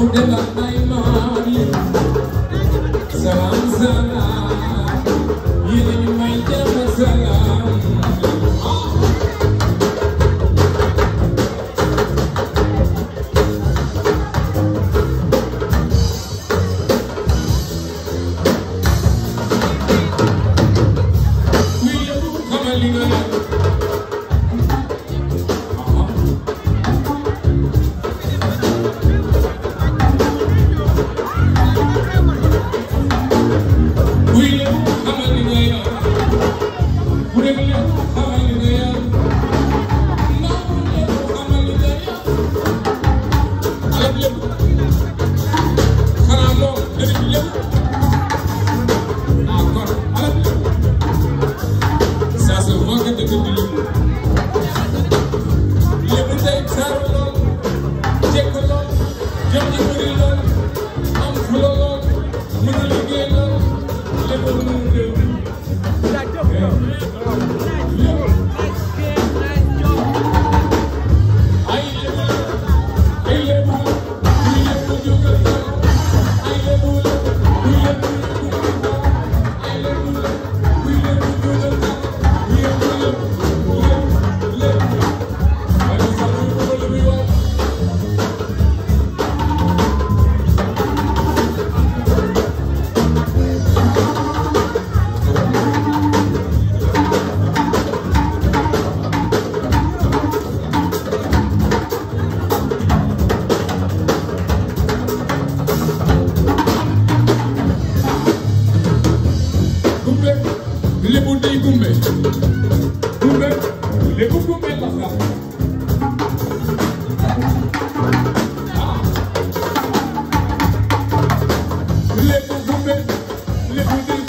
Salam salam, yeni may dem salam. Thank you. Koumbe Koumbe léegi Koumbe la sax léegi Koumbe léegi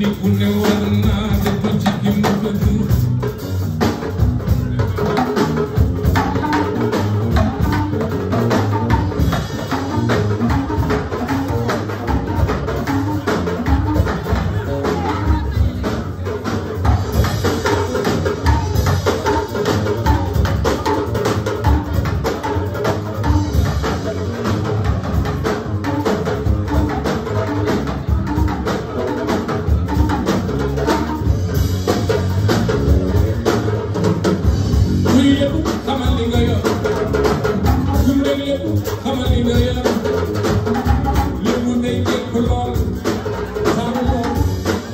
నీకు నెవ్వన్నా చిక్కి ముట్టదు